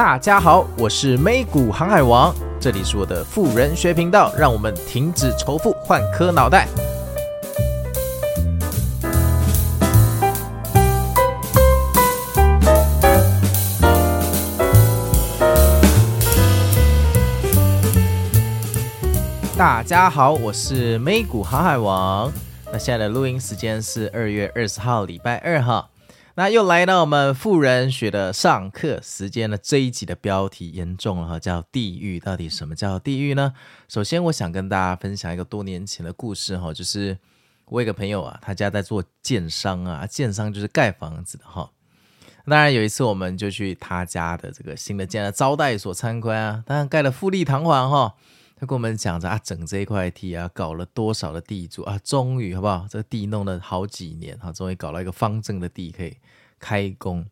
大家好，我是美股航海王，這裡是我的富人學頻道，讓我們停止仇富，換顆腦袋。大家好，我是美股航海王。那現在的錄音時間是二月二十號，禮拜二號。那又來到我們富人學的上課時間的這一集的標題嚴重了哈，叫“地獄”。到底什麼叫地獄呢？首先，我想跟大家分享一個多年前的故事哈，就是我一個朋友啊，他家在做建商啊，建商就是蓋房子的哈。當然有一次，我們就去他家的這個新的建的招待所參觀啊，當然蓋的富麗堂皇哈。他跟我們講着啊，整這一塊地啊，搞了多少的地主啊，終於好不好？這個地弄了好幾年哈，終於搞了一個方正的地可以開工，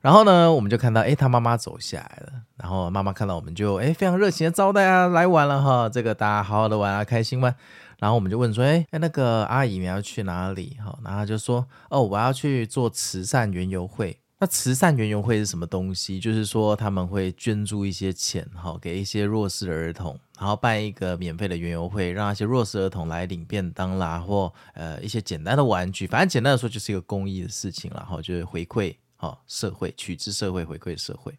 然後呢，我們就看到，誒，他媽媽走下來了，然後媽媽看到我們就，誒，非常熱情的招待啊，來玩了哈，這個大家好好的玩啊，開心嗎？然後我們就問說，哎，那個阿姨你要去哪裡？哈，然後就說，哦，我要去做慈善園遊會。那慈善園遊會是什麼東西？就是說他們會捐助一些錢，哈，給一些弱勢的兒童。然後辦一個免費的園遊會，讓那些弱勢兒童來領便當啦，或呃一些簡單的玩具，反正簡單的說就是一個公益的事情啦，然後就是回饋哈、哦、社會，取之社會，回饋社會。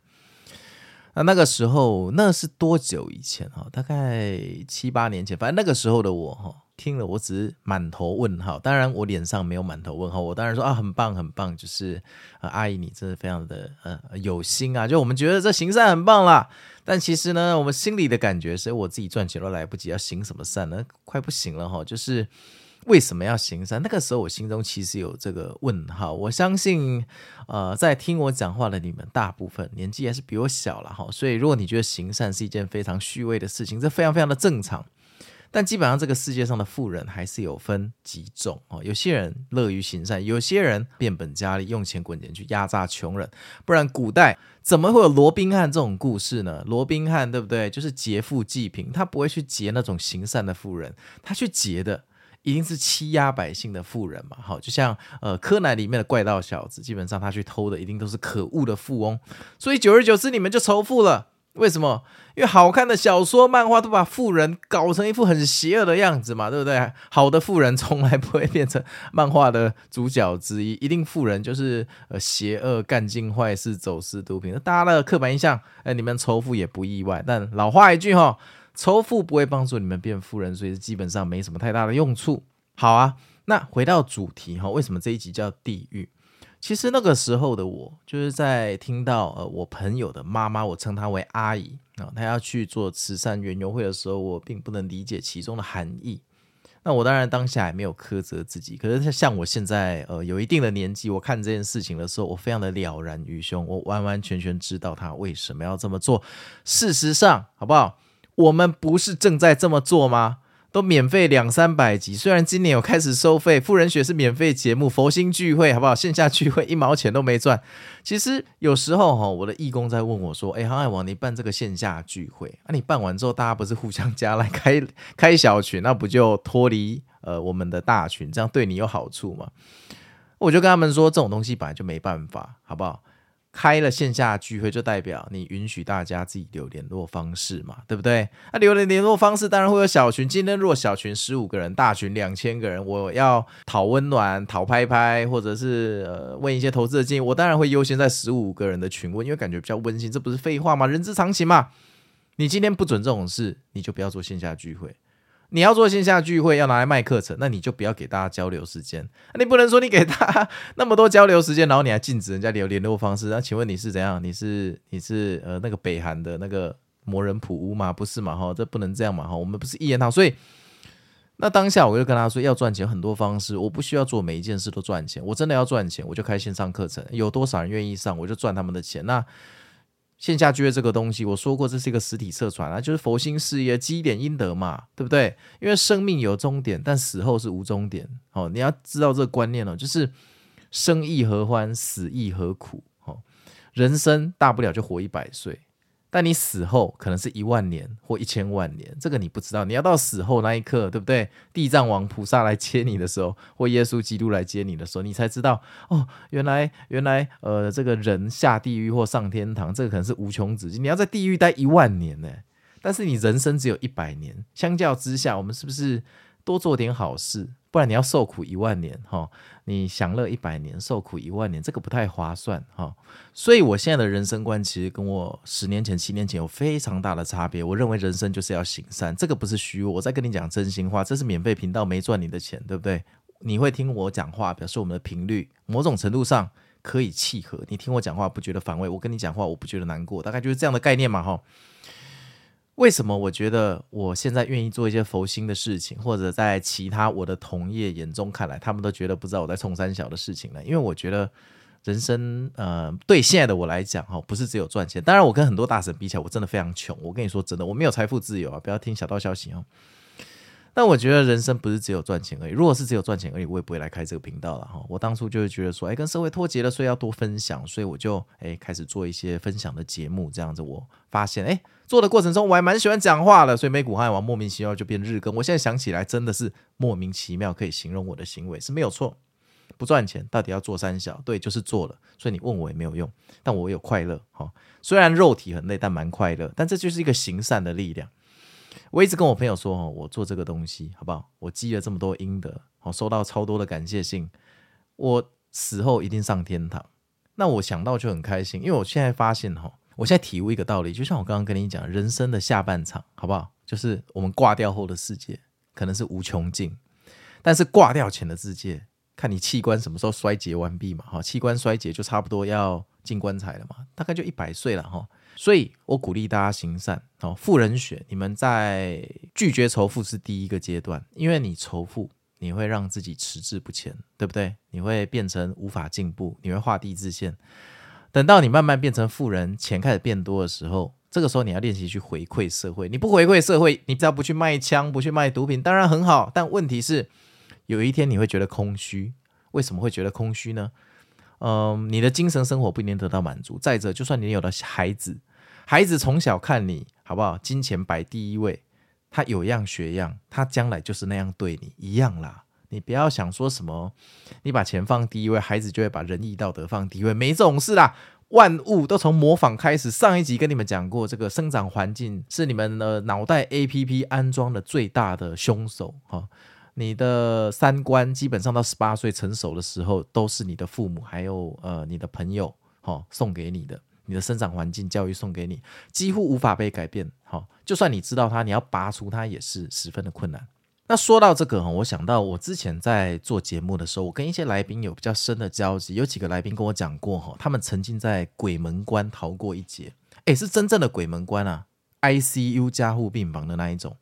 那那個時候，那是多久以前哈、哦大概七八年前，反正那個時候的我哈。哦聽了，我只是滿頭問號。當然，我臉上沒有滿頭問號。我當然說啊，很棒，很棒。就是、呃、阿姨，你真的非常的嗯、呃、有心啊。就我們覺得這行善很棒啦。但其實呢，我們心裡的感覺是，我自己賺錢都來不及，要行什麼善呢？快不行了哈。就是為什麼要行善？那個時候我心中其實有這個問號。我相信，呃，在聽我講話的你們，大部分年紀還是比我小了哈。所以，如果你覺得行善是一件非常虛偽的事情，這非常非常的正常。但基本上，這個世界上的富人還是有分幾種哦，有些人樂於行善，有些人變本加厲，用錢滾錢去壓榨窮人。不然，古代怎麼會有羅賓漢這種故事呢？羅賓漢對不對？就是劫富濟貧，他不會去劫那種行善的富人，他去劫的一定是欺壓百姓的富人嘛。好，就像呃，柯南裡面的怪盜小子，基本上他去偷的一定都是可惡的富翁。所以，久而久之，你們就仇富了。為什麼？因為好看的小說、漫畫都把富人搞成一副很邪惡的樣子嘛，對不對？好的富人從來不會變成漫畫的主角之一，一定富人就是呃邪惡、幹盡壞事、走私毒品。大家的刻板印象，哎、欸，你們仇富也不意外。但老話一句吼、哦，仇富不會幫助你們變富人，所以基本上沒什麼太大的用處。好啊，那回到主題哈，為什麼這一集叫地獄？其實那個時候的我，就是在聽到呃我朋友的媽媽，我稱她為阿姨啊、呃，她要去做慈善園遊會的時候，我並不能理解其中的含義。那我當然當下也沒有苛責自己，可是像我現在呃有一定的年紀，我看這件事情的時候，我非常的了然於胸，我完完全全知道她為什麼要這麼做。事實上，好不好？我們不是正在這麼做嗎？都免費兩三百集，雖然今年有開始收費。富人學是免費節目，佛心聚會好不好？線下聚會一毛錢都沒賺。其實有時候哈、哦，我的義工在問我說：“哎，航海王，你辦這個線下聚會，那、啊、你辦完之後，大家不是互相加來開開小群，那不就脫離呃我們的大群？這樣對你有好處嗎？”我就跟他們說，這種東西本來就沒辦法，好不好？開了線下聚會，就代表你允許大家自己留聯絡方式嘛，對不對？那、啊、留了聯絡方式，當然會有小群。今天如果小群十五個人，大群兩千個人，我要討溫暖、討拍拍，或者是、呃、問一些投資的建議，我當然會優先在十五個人的群問，因為感覺比較溫馨。這不是廢話嗎？人之常情嘛。你今天不准這種事，你就不要做線下聚會。你要做線下聚會，要拿來賣課程，那你就不要給大家交流時間。你不能說你給他那麼多交流時間，然後你還禁止人家留聯絡方式。那請問你是怎樣？你是，你是呃，那個北韓的那個魔人普烏嗎？不是嘛哈，這不能這樣嘛哈。我們不是一言堂，所以那當下我就跟他說，要賺錢很多方式，我不需要做每一件事都賺錢。我真的要賺錢，我就開線上課程，有多少人願意上，我就賺他們的錢。那。線下就業這個東西，我說過，這是一個實體社團啊，就是佛心事業，積點陰德嘛，對不對？因為生命有終點，但死後是無終點。哦，你要知道這個觀念哦，就是生亦何歡，死亦何苦？哦，人生大不了就活一百歲。那你死後可能是一萬年或一千萬年，這個你不知道。你要到死後那一刻，對不對？地藏王菩薩來接你的時候，或耶穌基督來接你的時候，你才知道哦，原來原來，呃，這個人下地獄或上天堂，這個可能是無窮止境。你要在地獄待一萬年呢，但是你人生只有一百年，相較之下，我們是不是多做點好事？不然你要受苦一萬年哈，你享樂一百年，受苦一萬年，這個不太划算哈。所以我現在的人生觀，其實跟我十年前、七年前有非常大的差別。我認為人生就是要行善，這個不是虛我。我在跟你講真心話，這是免費頻道，沒賺你的錢，對不對？你會聽我講話，表示我們的頻率某種程度上可以契合。你聽我講話不覺得反胃，我跟你講話我不覺得難過，大概就是這樣的概念嘛哈。為什麼我覺得我現在願意做一些佛心的事情，或者在其他我的同業眼中看來，他們都覺得不知道我在衝三小的事情呢？因為我覺得人生，呃，對現在的我來講，哈，不是只有賺錢。當然，我跟很多大神比起來，我真的非常窮。我跟你說真的，我沒有財富自由啊！不要聽小道消息哦。但我覺得人生不是只有賺錢而已。如果是只有賺錢而已，我也不會來開這個頻道了哈。我當初就是覺得說，哎，跟社會脫節了，所以要多分享，所以我就哎開始做一些分享的節目。這樣子，我發現哎做的過程中，我還蠻喜歡講話的。所以美股航海王莫名其妙就變日更。我現在想起來，真的是莫名其妙可以形容我的行為是沒有錯。不賺錢到底要做三小，對，就是做了。所以你問我也沒有用，但我有快樂哈、哦。雖然肉體很累，但蠻快樂。但這就是一個行善的力量。我一直跟我朋友說哈，我做這個東西好不好？我積了這麼多陰德，我收到超多的感謝信，我死後一定上天堂。那我想到就很開心，因為我現在發現哈，我現在體悟一個道理，就像我剛剛跟你講，人生的下半場好不好？就是我們掛掉後的世界可能是無窮盡，但是掛掉前的世界，看你器官什麼時候衰竭完畢嘛，哈，器官衰竭就差不多要進棺材了嘛，大概就一百歲了哈。所以我鼓勵大家行善哦。富人學，你們在拒絕仇富是第一個階段，因為你仇富，你會讓自己遲滯不前，對不對？你會變成無法進步，你會畫地自限。等到你慢慢變成富人，錢開始變多的時候，這個時候你要練習去回饋社會。你不回饋社會，你只要不去賣槍、不去賣毒品，當然很好。但問題是，有一天你會覺得空虛。為什麼會覺得空虛呢？嗯、呃，你的精神生活不一定得到滿足。再者，就算你有了孩子，孩子從小看你，好不好？金錢擺第一位，他有樣學樣，他將來就是那樣對你一樣啦。你不要想說什麼，你把錢放第一位，孩子就會把仁義道德放第一位，沒這種事啦。萬物都從模仿開始。上一集跟你們講過，這個生長環境是你們的、呃、腦袋 APP 安裝的最大的兇手哈、哦，你的三觀基本上到十八歲成熟的時候，都是你的父母還有呃你的朋友好、哦、送給你的。你的生長環境、教育送給你，幾乎無法被改變。好，就算你知道它，你要拔除它也是十分的困難。那說到這個，我想到我之前在做節目的時候，我跟一些來賓有比較深的交集，有幾個來賓跟我講過，他們曾經在鬼門關逃過一劫，哎，是真正的鬼門關啊，ICU 加護病房的那一種，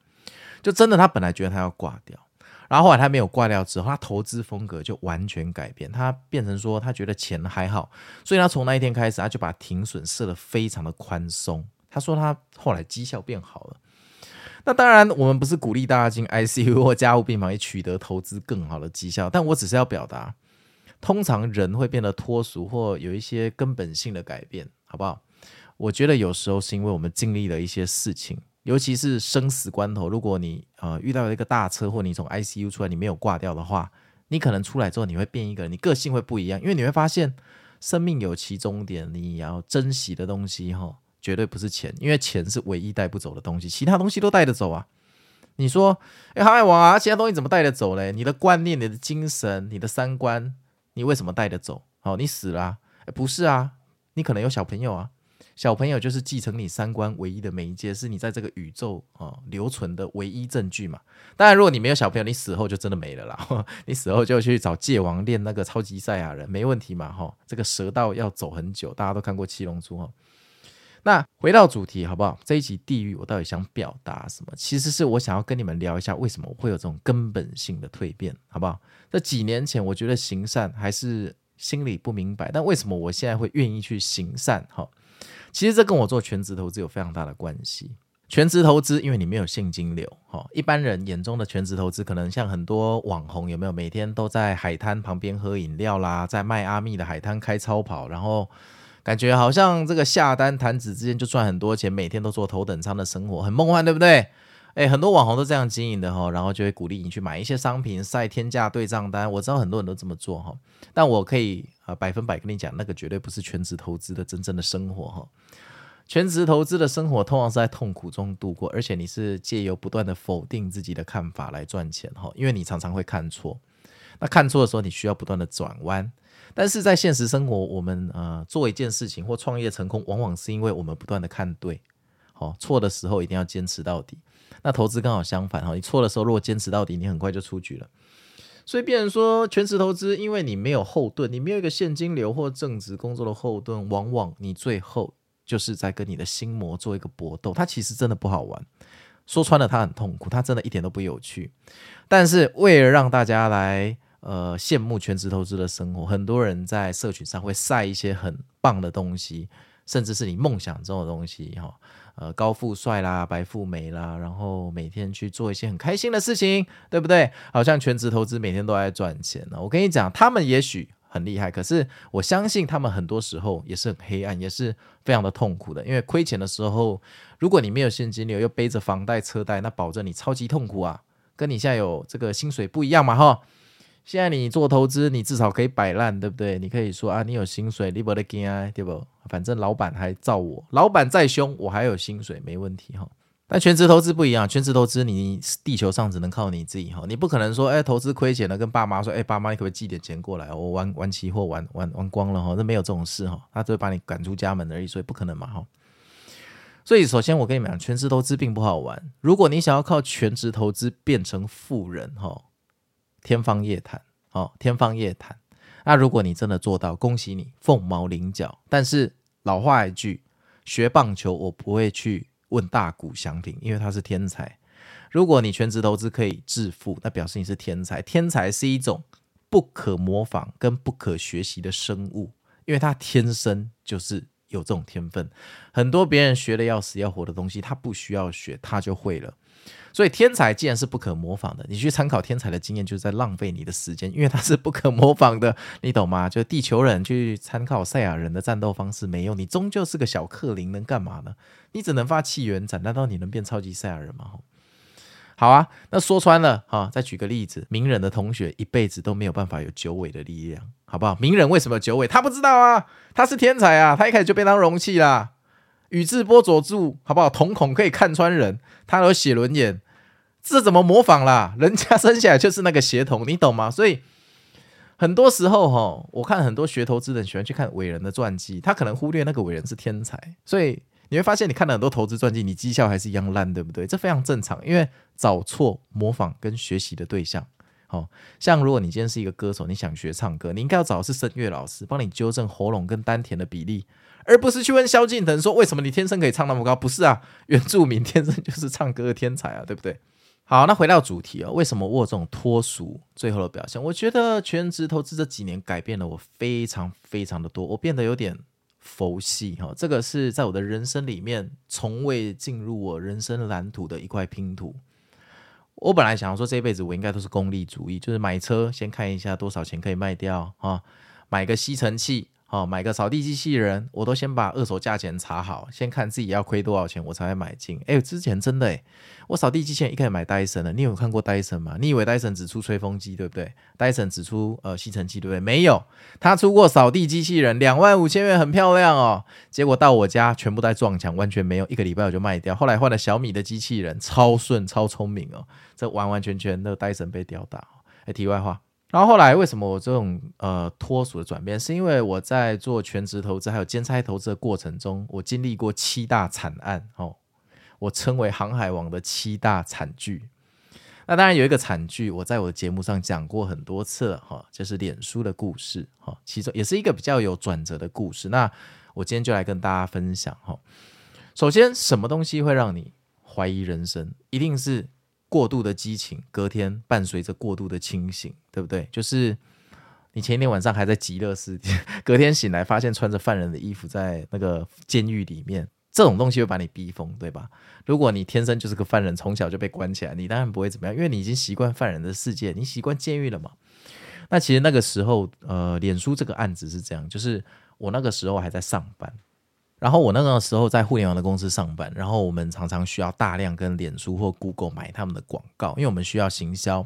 就真的他本來覺得他要掛掉。然後後來他沒有掛掉之後，他投資風格就完全改變，他變成說他覺得錢還好，所以他從那一天開始，他就把停損設得非常的寬鬆。他說他後來績效變好了。那當然，我們不是鼓勵大家進 ICU 或加護病房以取得投資更好的績效，但我只是要表達，通常人會變得脫俗或有一些根本性的改變，好不好？我覺得有時候是因為我們經歷了一些事情。尤其是生死關頭，如果你呃遇到一個大車禍，你從 ICU 出來，你沒有掛掉的話，你可能出來之後你會變一個人，你個性會不一樣，因為你會發現生命有其終點，你要珍惜的東西哈、哦，絕對不是錢，因為錢是唯一帶不走的東西，其他東西都帶得走啊。你說哎，好愛我啊，其他東西怎麼帶得走嘞？你的觀念、你的精神、你的三觀，你為什麼帶得走？哦，你死了、啊、不是啊，你可能有小朋友啊。小朋友就是繼承你三觀唯一的媒介，是你在這個宇宙啊留、呃、存的唯一證據嘛。當然，如果你沒有小朋友，你死後就真的沒了啦。你死後就去找界王練那個超級賽亞人，沒問題嘛？哈，這個蛇道要走很久，大家都看過《七龍珠》哈。那回到主題好不好？這一集地獄我到底想表達什麼？其實是我想要跟你們聊一下，為什麼會有這種根本性的蛻變，好不好？這幾年前，我覺得行善還是心裡不明白，但為什麼我現在會願意去行善？哈。其實這跟我做全職投資有非常大的關係。全職投資，因為你沒有現金流。哈，一般人眼中的全職投資，可能像很多網紅有沒有，每天都在海灘旁邊喝飲料啦，在邁阿密的海灘開超跑，然後感覺好像這個下單彈指之間就賺很多錢，每天都坐頭等艙的生活，很夢幻，對不對？誒，很多網紅都這樣經營的哈，然後就會鼓勵你去買一些商品，曬天價對賬單。我知道很多人都這麼做哈，但我可以。啊，百分百跟你講，那個絕對不是全職投資的真正的生活哈。全職投資的生活通常是在痛苦中度過，而且你是借由不斷的否定自己的看法來賺錢哈，因為你常常會看錯。那看錯的時候，你需要不斷的轉彎。但是在現實生活，我們呃做一件事情或創業成功，往往是因為我們不斷的看對。好，錯的時候一定要堅持到底。那投資剛好相反哈，你錯的時候如果堅持到底，你很快就出局了。所以別人說全職投資，因為你沒有後盾，你沒有一個現金流或正職工作的後盾，往往你最後就是在跟你的心魔做一個搏鬥，它其實真的不好玩。說穿了，它很痛苦，它真的一點都不有趣。但是為了讓大家來呃羨慕全職投資的生活，很多人在社群上會曬一些很棒的東西，甚至是你夢想中的東西哈。呃，高富帥啦，白富美啦，然後每天去做一些很開心的事情，對不對？好像全職投資每天都在賺錢呢、啊。我跟你講，他們也許很厲害，可是我相信他們很多時候也是很黑暗，也是非常的痛苦的。因為虧錢的時候，如果你沒有現金流，又背着房貸車貸，那保證你超級痛苦啊，跟你現在有這個薪水不一樣嘛，哈。現在你做投資，你至少可以擺爛，對不對？你可以說啊，你有薪水，你不得 y 對不？反正老闆還罩我，老闆再凶，我還有薪水，沒問題哈、哦。但全職投資不一樣，全職投資你地球上只能靠你自己哈、哦，你不可能說，哎，投資虧錢了，跟爸媽說，哎，爸媽，你可不可以寄點錢過來？我玩玩期貨，玩玩玩光了哈，那、哦、沒有這種事哈、哦，他只會把你趕出家門而已，所以不可能嘛哈、哦。所以首先我跟你們講，全職投資並不好玩。如果你想要靠全職投資變成富人哈。哦天方夜譚，哦，天方夜譚。那如果你真的做到，恭喜你，鳳毛麟角。但是老話一句，學棒球我不會去問大谷翔平，因為他是天才。如果你全職投資可以致富，那表示你是天才。天才是一種不可模仿跟不可學習的生物，因為他天生就是有這種天分。很多別人學的要死要活的東西，他不需要學，他就會了。所以天才既然是不可模仿的，你去參考天才的經驗就是在浪費你的時間，因為他是不可模仿的，你懂嗎？就是地球人去參考賽亞人的戰鬥方式沒用，你終究是個小克林，能幹嘛呢？你只能發氣元斬，難道你能變超級賽亞人嗎？好啊，那說穿了哈、啊，再舉個例子，鳴人的同學一輩子都沒有辦法有九尾的力量，好不好？鳴人為什麼有九尾？他不知道啊，他是天才啊，他一開始就被當容器啦。宇智波佐助，好不好？瞳孔可以看穿人，他有寫輪眼，這怎麼模仿啦？人家生下來就是那個血瞳，你懂嗎？所以很多時候哈，我看很多學投資的人喜歡去看偉人的傳記，他可能忽略那個偉人是天才，所以你會發現你看了很多投資傳記，你績效還是一樣爛，對不對？這非常正常，因為找錯模仿跟學習的對象。好像如果你今天是一個歌手，你想學唱歌，你應該要找的是聲樂老師，幫你糾正喉嚨跟丹田的比例。而不是去問蕭敬騰說，為什麼你天生可以唱那麼高？不是啊，原住民天生就是唱歌的天才啊，對不對？好，那回到主題啊、哦，為什麼我有這種脫俗最後的表現？我覺得全職投資這幾年改變了我非常非常的多，我變得有點佛系哈、哦。這個是在我的人生裡面從未進入我人生藍圖的一塊拼圖。我本來想要說，這輩子我應該都是功利主義，就是買車先看一下多少錢可以賣掉啊、哦，買個吸塵器。哦，買個掃地機器人，我都先把二手價錢查好，先看自己要虧多少錢，我才會買進。哎、欸，之前真的誒、欸、我掃地機器人一開始買戴森的，你有看過戴森嗎？你以為戴森只出吹風機對不對？戴森只出呃吸塵器對不對？沒有，他出過掃地機器人，兩萬五千元很漂亮哦。結果到我家全部都在撞牆，完全沒有一個禮拜我就賣掉，後來換了小米的機器人，超順超聰明哦，這完完全全那個戴森被吊打。誒、欸、題外話。然後後來為什麼我這種呃脫俗的轉變，是因為我在做全職投資還有兼差投資的過程中，我經歷過七大慘案哦，我稱為航海王的七大慘劇。那當然有一個慘劇，我在我的節目上講過很多次哈、哦，就是臉書的故事哈、哦，其中也是一個比較有轉折的故事。那我今天就來跟大家分享哈、哦。首先，什麼東西會讓你懷疑人生？一定是。過度的激情，隔天伴隨着過度的清醒，對不對？就是你前一天晚上還在極樂世界，隔天醒來發現穿着犯人的衣服在那個監獄裡面，這種東西會把你逼瘋，對吧？如果你天生就是個犯人，從小就被關起來，你當然不會怎麼樣，因為你已經習慣犯人的世界，你習慣監獄了嘛。那其實那個時候，呃，臉書這個案子是這樣，就是我那個時候還在上班。然後我那個時候在互聯網的公司上班，然後我們常常需要大量跟臉書或 Google 買他們的廣告，因為我們需要行銷。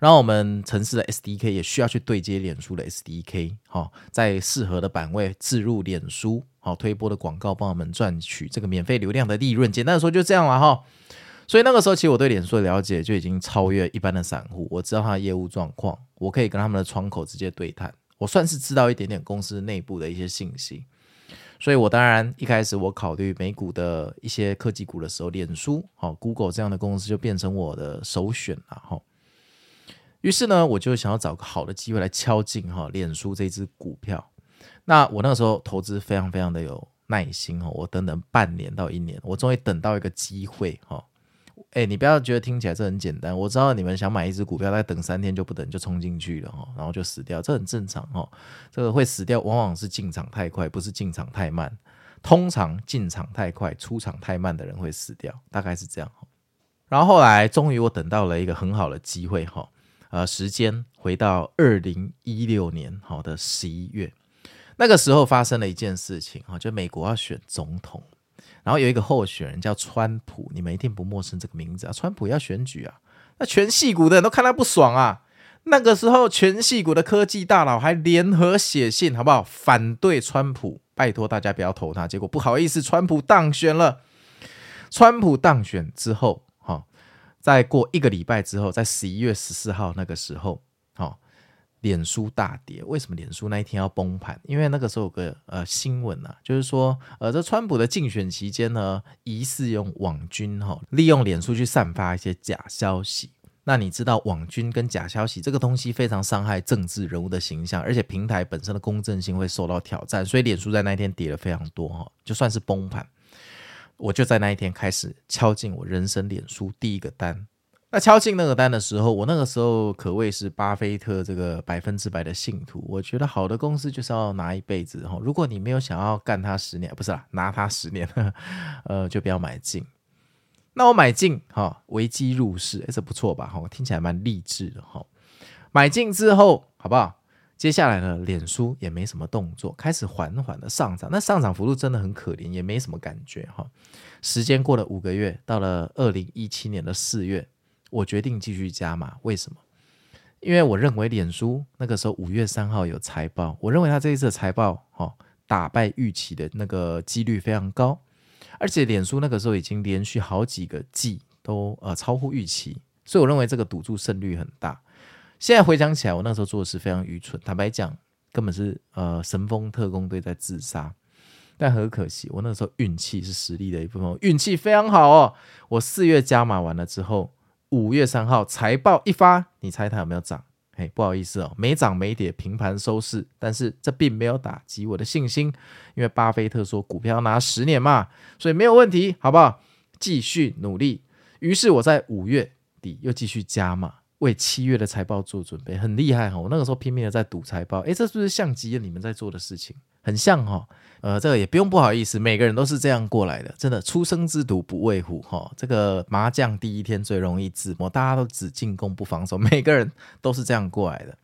然後我們程式的 SDK 也需要去對接臉書的 SDK，好、哦，在適合的版位置入臉書好、哦、推播的廣告，幫我們賺取這個免費流量的利潤。簡單來說就這樣了哈、哦。所以那個時候其實我對臉書的了解就已經超越一般的散戶，我知道他的業務狀況，我可以跟他們的窗口直接對談，我算是知道一點點公司內部的一些信息。所以，我當然一開始我考慮美股的一些科技股的時候，臉書、哈、Google 這樣的公司就變成我的首選了，哈。於是呢，我就想要找個好的機會來敲進哈臉書這支股票。那我那個時候投資非常非常的有耐心，我等等半年到一年，我終於等到一個機會哈。哎，你不要覺得聽起來這很簡單。我知道你們想買一隻股票，再等三天就不等，就衝進去了哈，然後就死掉，這很正常哈。這個會死掉，往往是進場太快，不是進場太慢。通常進場太快、出場太慢的人會死掉，大概是這樣。然後後來，終於我等到了一個很好的機會哈。呃，時間回到二零一六年好的十一月，那個時候發生了一件事情哈，就美國要選總統。然後有一個候選人叫川普，你們一定不陌生這個名字啊。川普要選舉啊，那全矽谷的人都看他不爽啊。那個時候，全矽谷的科技大佬還聯合寫信，好不好？反對川普，拜託大家不要投他。結果不好意思，川普當選了。川普當選之後，哈、哦，再過一個禮拜之後，在十一月十四號那個時候。臉書大跌。為什麼臉書那一天要崩盤？因為那個時候有個呃新聞啊，就是說呃在川普的競選期間呢，疑似用網軍哈、哦、利用臉書去散發一些假消息。那你知道網軍跟假消息這個東西非常傷害政治人物的形象，而且平台本身的公正性會受到挑戰，所以臉書在那一天跌了非常多哈、哦，就算是崩盤，我就在那一天開始敲進我人生臉書第一個單。那敲進那個單的時候，我那個時候可謂是巴菲特這個百分之百的信徒。我覺得好的公司就是要拿一輩子哈。如果你沒有想要幹它十年，不是啦，拿它十年呵呵，呃，就不要買進。那我買進哈、哦，危機入市，哎，這不錯吧？哈，我聽起來蠻勵志的哈、哦。買進之後好不好？接下來呢，臉書也沒什麼動作，開始緩緩的上漲。那上漲幅度真的很可憐，也沒什麼感覺哈、哦。時間過了五個月，到了二零一七年的四月。我決定繼續加碼，為什麼？因為我認為臉書那個時候五月三號有財報，我認為他這一次的財報哦打敗預期的那個幾率非常高，而且臉書那個時候已經連續好幾個季都呃超乎預期，所以我認為這個賭注勝率很大。現在回想起來，我那時候做的事非常愚蠢，坦白講，根本是呃神風特工隊在自殺。但很可惜，我那時候運氣是實力的一部分，運氣非常好哦。我四月加碼完了之後。五月三號財報一發，你猜它有沒有漲？哎，不好意思哦，沒漲沒跌，平盤收市。但是這並沒有打擊我的信心，因為巴菲特說股票要拿十年嘛，所以沒有問題，好不好？繼續努力。於是我在五月底又繼續加碼，為七月的財報做準備，很厲害哈、哦！我那個時候拼命的在賭財報，誒，這是不是像極了你們在做的事情？很像哈、哦，呃，這個也不用不好意思，每個人都是這樣過來的，真的，初生之犢不畏虎哈、哦。這個麻將第一天最容易自摸，我大家都只進攻不防守，每個人都是這樣過來的。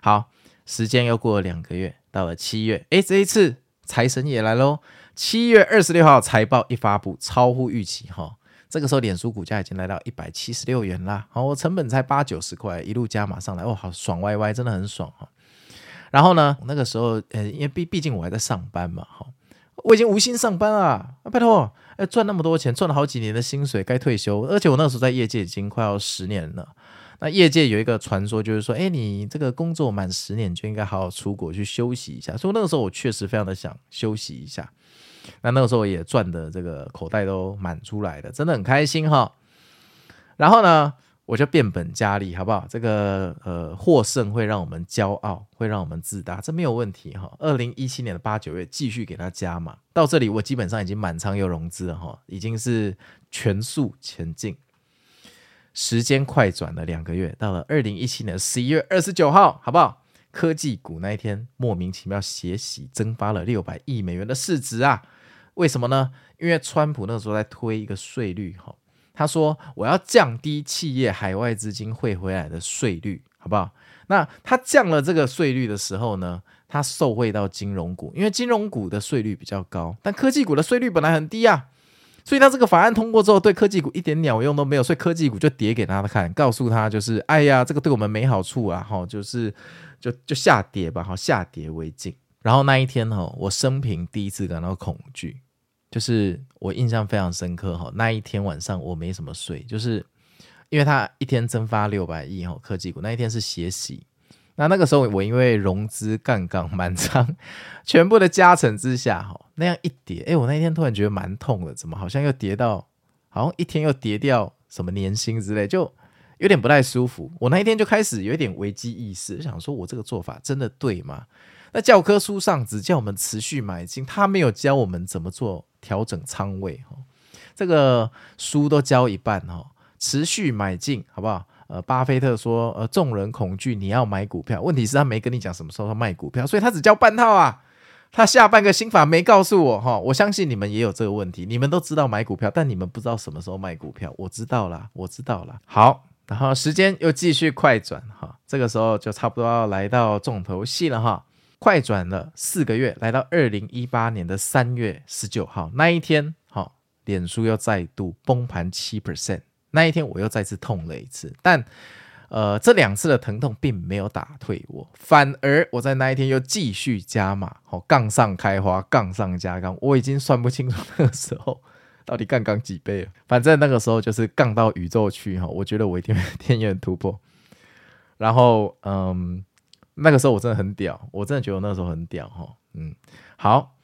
好，時間又過了兩個月，到了七月，哎，這一次財神也來嘍。七月二十六號財報一發布，超乎預期哈、哦。這個時候，臉書股價已經來到一百七十六元了，好、哦，我成本才八九十塊，一路加碼上來，哇、哦，好爽歪歪，真的很爽哈、哦。然後呢，那個時候，呃，因為畢畢竟我還在上班嘛，哈，我已經無心上班了。啊，拜託，賺那麼多錢，賺了好幾年的薪水，該退休。而且我那時候在業界已經快要十年了。那業界有一個傳說，就是說，哎，你這個工作滿十年就應該好好出國去休息一下。所以那個時候我確實非常的想休息一下。那那個時候我也賺的這個口袋都滿出來的，真的很開心哈。然後呢，我就變本加厲，好不好？這個呃，獲勝會讓我們驕傲，會讓我們自大，這沒有問題哈。二零一七年的八九月，繼續給他加碼。到這裡，我基本上已經滿倉又融資了哈，已經是全速前進。時間快轉了兩個月，到了二零一七年十一月二十九號，好不好？科技股那一天莫名其妙血洗，蒸發了六百億美元的市值啊！為什麼呢？因為川普那時候在推一個稅率哈。他說：“我要降低企業海外資金匯回來的稅率，好不好？那他降了這個稅率的時候呢，他受惠到金融股，因為金融股的稅率比較高，但科技股的稅率本來很低啊。所以他這個法案通過之後，對科技股一點鳥用都沒有，所以科技股就跌給他看，告訴他就是：哎呀，這個對我們沒好處啊！好，就是就就下跌吧，好，下跌為敬。然後那一天哈，我生平第一次感到恐懼。”就是我印象非常深刻哈，那一天晚上我沒什麼睡，就是因為他一天蒸發六百億，科技股那一天是血洗，那那個時候我因為融資槓桿滿倉，全部的加成之下哈，那樣一跌，哎，我那一天突然覺得蠻痛的，怎麼好像又跌到，好像一天又跌掉什麼年薪之類，就有點不太舒服。我那一天就開始有點危機意識，就想說我這個做法真的對嗎？在教科書上只叫我們持續買進，他沒有教我們怎麼做調整倉位、哦、這個書都教一半哈、哦，持續買進好不好？呃，巴菲特說呃，眾人恐懼，你要買股票。問題是，他沒跟你講什麼時候賣股票，所以他只教半套啊。他下半個心法沒告訴我哈、哦。我相信你們也有這個問題，你們都知道買股票，但你們不知道什麼時候賣股票。我知道啦，我知道啦。好，然後時間又繼續快轉哈、哦，這個時候就差不多要來到重頭戲了哈。哦。快轉了四個月，來到二零一八年的三月十九號那一天，好、哦，臉書又再度崩盤七 percent，那一天我又再次痛了一次，但，呃，這兩次的疼痛並沒有打退我，反而我在那一天又繼續加碼，好、哦，槓上開花，槓上加槓，我已經算不清楚那個時候到底槓槓幾倍了，反正那個時候就是槓到宇宙去哈、哦，我覺得我一定會天眼突破，然後，嗯。那個時候我真的很屌，我真的覺得我那時候很屌哈。嗯，好，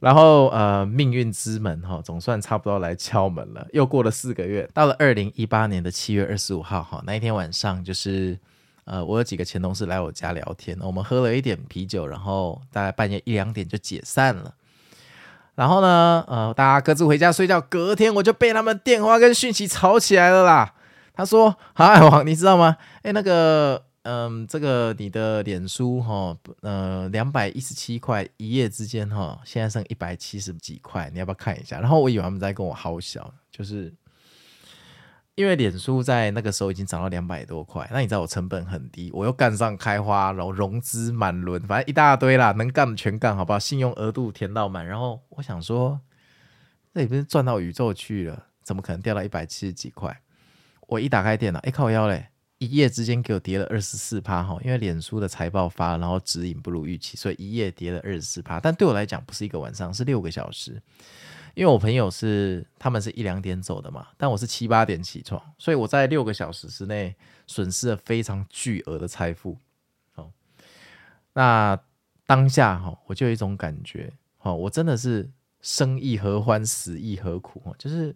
然後呃，命運之門哈，總算差不多來敲門了。又過了四個月，到了二零一八年的七月二十五號哈，那一天晚上就是呃，我有幾個前同事來我家聊天，我們喝了一點啤酒，然後大概半夜一兩點就解散了。然後呢，呃，大家各自回家睡覺。隔天我就被他們電話跟訊息吵起來了啦。他說：“海、啊、王、哎，你知道嗎？哎，那個。”嗯，這個你的臉書哈，呃，兩百一十七塊一夜之間哈，現在剩一百七十幾塊，你要不要看一下？然後我以為他們在跟我好笑，就是因為臉書在那個時候已經漲到兩百多塊，那你知道我成本很低，我又槓上開花，然後融資滿輪，反正一大堆啦，能幹全幹，好不好？信用額度填到滿，然後我想說，這裡不是賺到宇宙去了，怎麼可能掉到一百七十幾塊？我一打開電腦，哎、欸，靠腰嘞！一夜之間給我跌了二十四趴哈，因為臉書的財報發，然後指引不如預期，所以一夜跌了二十四趴。但對我來講，不是一個晚上，是六個小時，因為我朋友是他們是一兩點走的嘛，但我是七八點起床，所以我在六個小時之內損失了非常巨額的財富。那當下哈，我就有一種感覺，我真的是生亦何歡，死亦何苦，就是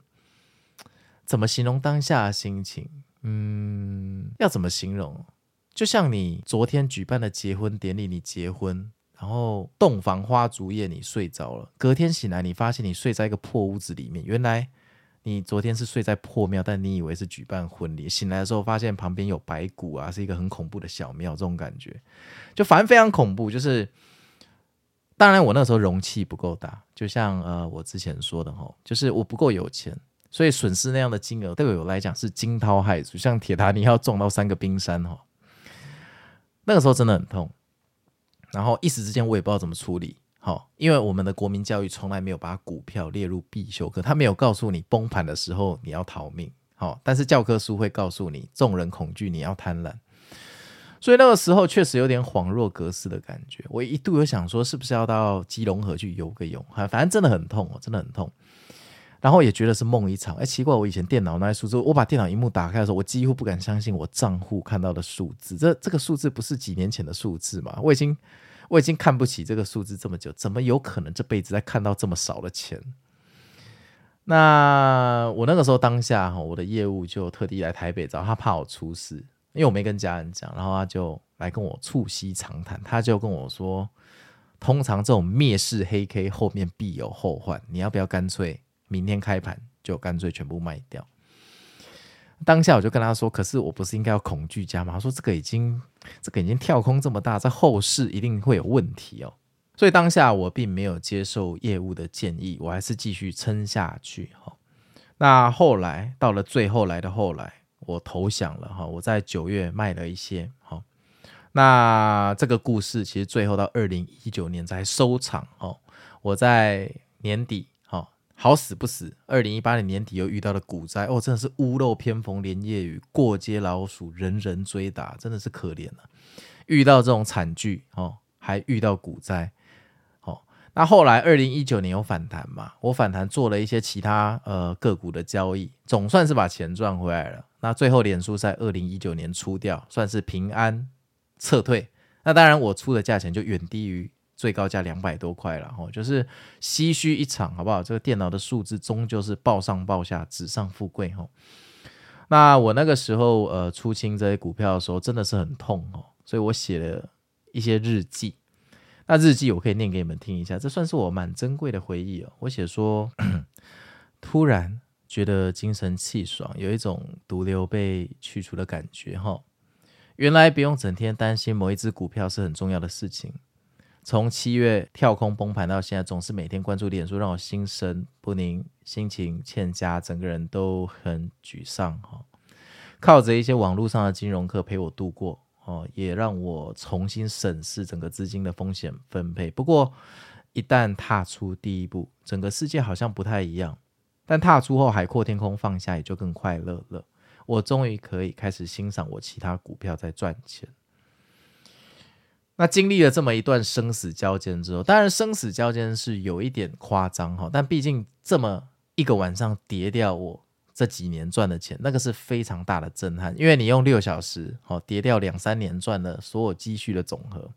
怎麼形容當下的心情？嗯，要怎麼形容？就像你昨天舉辦的結婚典禮，你結婚，然後洞房花燭夜你睡着了，隔天醒來你發現你睡在一個破屋子裡面，原來你昨天是睡在破廟，但你以為是舉辦婚禮，醒來的時候發現旁邊有白骨啊，是一個很恐怖的小廟，這種感覺，就反正非常恐怖。就是，當然我那時候容器不夠大，就像呃我之前說的吼，就是我不夠有錢。所以損失那樣的金額，對我來講是驚濤駭俗，像鐵達尼號撞到三個冰山哈。那個時候真的很痛，然後一時之間我也不知道怎麼處理。好，因為我們的國民教育從來沒有把股票列入必修課，他沒有告訴你崩盤的時候你要逃命。好，但是教科書會告訴你，眾人恐懼，你要貪婪。所以那個時候確實有點恍若隔世的感覺。我一度有想說，是不是要到基隆河去游個泳？哈，反正真的很痛哦，真的很痛。然後也覺得是夢一場，哎，奇怪，我以前電腦那些數字，我把電腦熒幕打開的時候，我幾乎不敢相信我賬戶看到的數字，這這個數字不是幾年前的數字嘛？我已經我已經看不起這個數字這麼久，怎麼有可能這輩子再看到這麼少的錢？那我那個時候當下哈，我的業務就特地來台北找他，怕我出事，因為我沒跟家人講，然後他就來跟我促膝長談，他就跟我說，通常這種蔑視黑 K 後面必有後患，你要不要乾脆？明天開盤就乾脆全部賣掉。當下我就跟他說：“可是我不是應該要恐懼加碼嗎？”他說：“這個已經，這個已經跳空這麼大，在後市一定會有問題哦。”所以當下我並沒有接受業務的建議，我還是繼續撐下去。哈、哦，那後來到了最後來的後來，我投降了。哈、哦，我在九月賣了一些。好、哦，那這個故事其實最後到二零一九年才收場。哦，我在年底。好死不死，二零一八年年底又遇到了股災哦，真的是屋漏偏逢連夜雨，過街老鼠，人人追打，真的是可憐了啊。遇到這種慘劇哦，還遇到股災哦。那後來二零一九年有反彈嘛？我反彈做了一些其他呃個股的交易，總算是把錢賺回來了。那最後臉書在二零一九年出掉，算是平安撤退。那當然，我出的價錢就遠低於。最高價兩百多塊了，吼，就是唏噓一場，好不好？這個電腦的數字終究是暴上暴下，紙上富貴，吼。那我那個時候呃，出清這些股票的時候，真的是很痛，所以我寫了一些日記，那日記我可以念給你們聽一下，這算是我蠻珍貴的回憶哦。我寫說， 突然覺得精神氣爽，有一種毒瘤被去除的感覺，吼。原來不用整天擔心某一隻股票是很重要的事情。從七月跳空崩盤到現在，總是每天關注點數，讓我心神不寧，心情欠佳，整個人都很沮喪。哈，靠着一些網絡上的金融課陪我度過，哦，也讓我重新審視整個資金的風險分配。不過，一旦踏出第一步，整個世界好像不太一樣。但踏出後，海闊天空，放下也就更快樂了。我終於可以開始欣賞我其他股票在賺錢。那經歷了這麼一段生死交關之後，當然生死交關是有一點誇張哈，但畢竟這麼一個晚上跌掉我這幾年賺的錢，那個是非常大的震撼。因為你用六小時哦跌掉兩三年賺的所有積蓄的總和，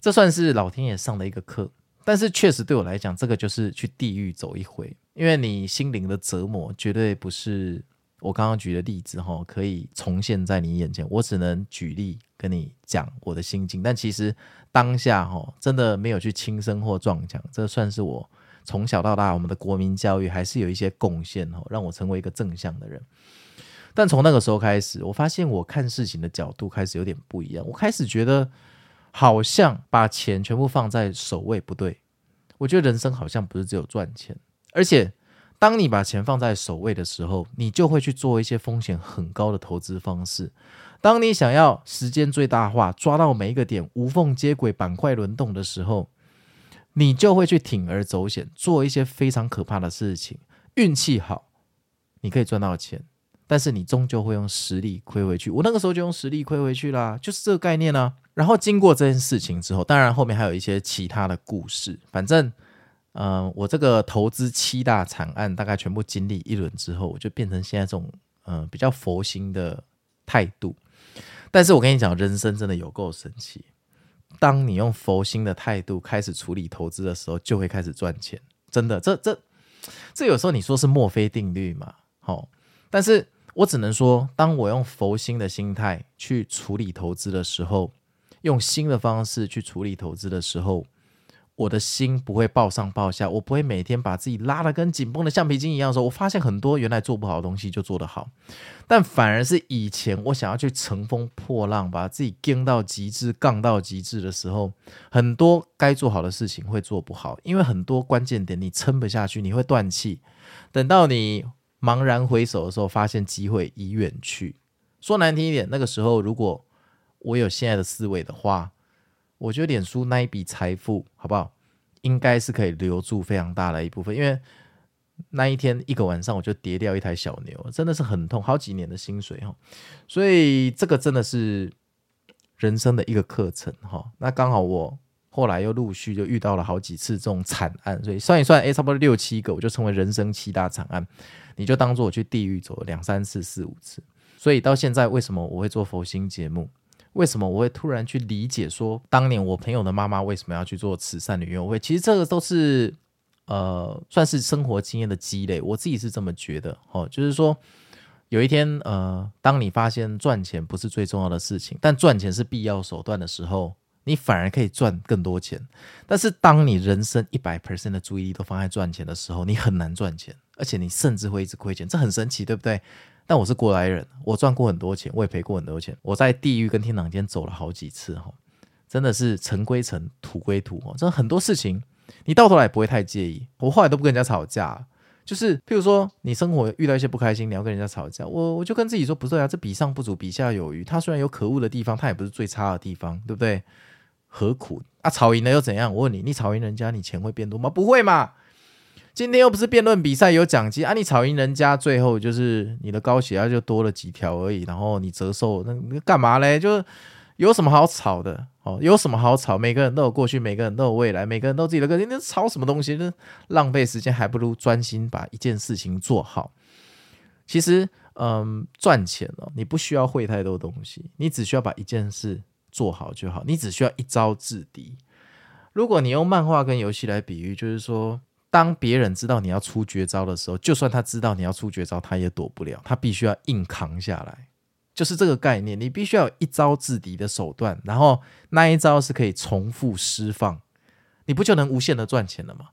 這算是老天爺上的一個課。但是確實對我來講，這個就是去地獄走一回，因為你心靈的折磨絕對不是。我剛剛舉的例子哈，可以重現在你眼前。我只能舉例跟你講我的心境，但其實當下哈，真的沒有去輕生或撞牆。這算是我從小到大我們的國民教育還是有一些貢獻哈，讓我成為一個正向的人。但從那個時候開始，我發現我看事情的角度開始有點不一樣。我開始覺得好像把錢全部放在首位不對，我覺得人生好像不是只有賺錢，而且。當你把錢放在首位的時候，你就會去做一些風險很高的投資方式。當你想要時間最大化，抓到每一個點，無縫接軌板塊輪動的時候，你就會去鋌而走險，做一些非常可怕的事情。運氣好，你可以賺到錢，但是你終究會用實力虧回去。我那個時候就用實力虧回去啦，就是這個概念啊。然後經過這件事情之後，當然後面還有一些其他的故事，反正。嗯、呃，我這個投資七大慘案大概全部經歷一輪之後，我就變成現在這種嗯、呃、比較佛心的態度。但是我跟你講，人生真的有夠神奇。當你用佛心的態度開始處理投資的時候，就會開始賺錢。真的，這這這有時候你說是墨菲定律嘛？好、哦，但是我只能說，當我用佛心的心態去處理投資的時候，用新的方式去處理投資的時候。我的心不會暴上暴下，我不會每天把自己拉得跟緊繃的橡皮筋一樣的時候，我發現很多原來做不好的東西就做得好，但反而是以前我想要去乘風破浪，把自己幹到極致、槓到極致的時候，很多該做好的事情會做不好，因為很多關鍵點你撐不下去，你會斷氣，等到你茫然回首的時候，發現機會已遠去。說難聽一點，那個時候如果我有現在的思維的話。我覺得臉書那一筆財富，好不好？應該是可以留住非常大的一部分，因為那一天一個晚上我就跌掉一台小牛，真的是很痛，好幾年的薪水哈、哦。所以這個真的是人生的一個課程哈、哦。那剛好我後來又陸續就遇到了好幾次這種慘案，所以算一算，哎，差不多六七個，我就成為人生七大慘案。你就當做我去地獄走了兩三次、四五次。所以到現在，為什麼我會做佛心節目？為什麼我會突然去理解說，當年我朋友的媽媽為什麼要去做慈善的原委？其實這個都是，呃，算是生活經驗的積累。我自己是這麼覺得，哦，就是說，有一天，呃，當你發現賺錢不是最重要的事情，但賺錢是必要手段的時候，你反而可以賺更多錢。但是，當你人生一百 percent 的注意力都放在賺錢的時候，你很難賺錢，而且你甚至會一直虧錢，這很神奇，對不對？但我是過來人，我賺過很多錢，我也賠過很多錢，我在地獄跟天堂間走了好幾次，真的是塵歸塵，土歸土哦。真的很多事情，你到頭來不會太介意。我後來都不跟人家吵架，就是譬如說你生活遇到一些不開心，你要跟人家吵架，我我就跟自己說，不是啊，這比上不足，比下有餘。他雖然有可惡的地方，他也不是最差的地方，對不對？何苦啊？吵贏了又怎樣？我問你，你吵贏人家，你錢會變多嗎？不會嘛？今天又不是辯論比賽有獎金，啊！你吵贏人家，最後就是你的高血壓就多了幾條而已，然後你折壽，那幹嘛嘞？就是有什麼好吵的哦？有什麼好吵？每個人都有過去，每個人都有未來，每個人都有自己的個人。你吵什麼東西？那浪費時間，還不如專心把一件事情做好。其實，嗯，賺錢哦，你不需要會太多東西，你只需要把一件事做好就好，你只需要一招制敵。如果你用漫畫跟遊戲來比喻，就是說。當別人知道你要出絕招的時候，就算他知道你要出絕招，他也躲不了，他必須要硬扛下來，就是這個概念。你必須要有一招制敵的手段，然後那一招是可以重複釋放，你不就能無限的賺錢了嗎？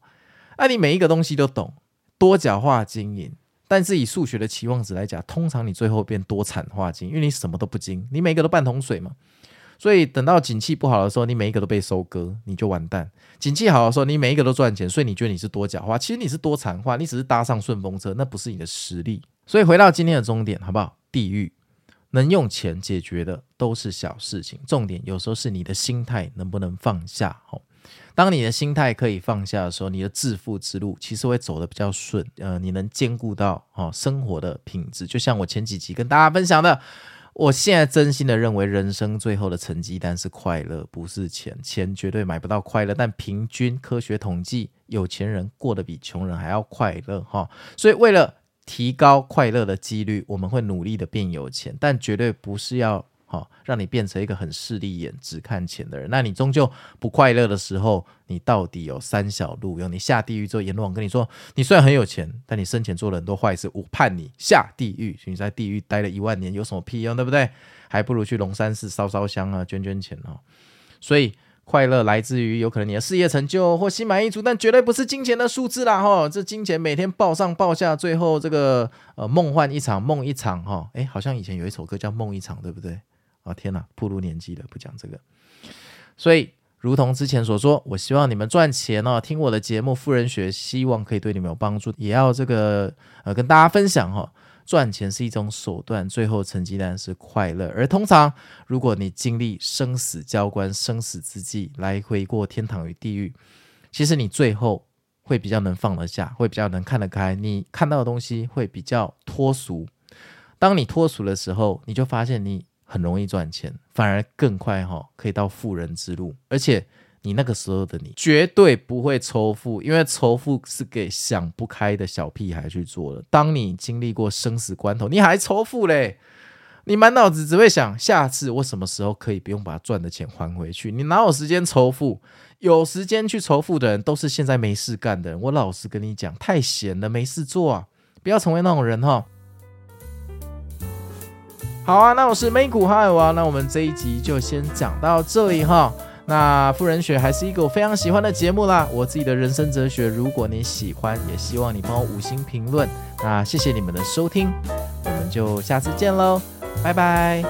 那、啊、你每一個東西都懂，多角化經營，但是以數學的期望值來講，通常你最後變多產化精，因為你什麼都不精，你每一個都半桶水嘛。所以等到景氣不好的時候，你每一個都被收割，你就完蛋；景氣好的時候，你每一個都賺錢，所以你覺得你是多狡猾？其實你是多殘化。你只是搭上順風車，那不是你的實力。所以回到今天的重點，好不好？地獄能用錢解決的都是小事情，重點有時候是你的心態能不能放下。哦、當你的心態可以放下的時候，你的致富之路其實會走得比較順。呃，你能兼顧到好、哦、生活的品質，就像我前幾集跟大家分享的。我現在真心的認為，人生最後的成績單是快樂，不是錢。錢絕對買不到快樂，但平均科學統計，有錢人過得比窮人還要快樂哈。所以，為了提高快樂的幾率，我們會努力的變有錢，但絕對不是要。好、哦，讓你變成一個很勢利眼、只看錢的人。那你終究不快樂的時候，你到底有三小路用？你下地獄做閻王跟你說，你雖然很有錢，但你生前做了很多壞事，我判你下地獄。你在地獄待了一萬年，有什麼屁用，對不對？還不如去龍山寺燒燒香啊，捐捐錢哦。所以快樂來自於有可能你的事業成就或心滿意足，但絕對不是金錢的數字啦、哦。哈，這金錢每天抱上抱下，最後這個呃夢幻一場夢一場、哦。哈，哎，好像以前有一首歌叫《夢一場》，對不對？哦天吶，步入年紀了，不講這個。所以，如同之前所說，我希望你們賺錢哦，聽我的節目《富人學》，希望可以對你們有幫助。也要這個呃，跟大家分享哦。賺錢是一種手段，最後的成績單是快樂。而通常，如果你經歷生死交關、生死之際，來回過天堂與地獄，其實你最後會比較能放得下，會比較能看得開。你看到的東西會比較脫俗。當你脫俗的時候，你就發現你。很容易賺錢，反而更快哈，可以到富人之路。而且你那個時候的你絕對不會仇富，因為仇富是給想不開的小屁孩去做的。當你經歷過生死關頭，你還仇富嘞？你滿腦子只會想下次我什麼時候可以不用把賺的錢還回去？你哪有時間仇富？有時間去仇富的人都是現在沒事幹的人。我老實跟你講，太閒了沒事做啊！不要成為那種人哈。好啊，那我是美股航海王，那我們這一集就先講到這裡哈。那富人學還是一個我非常喜歡的節目啦，我自己的人生哲學，如果你喜歡，也希望你幫我五星評論。那謝謝你們的收聽，我們就下次見嘍，拜拜。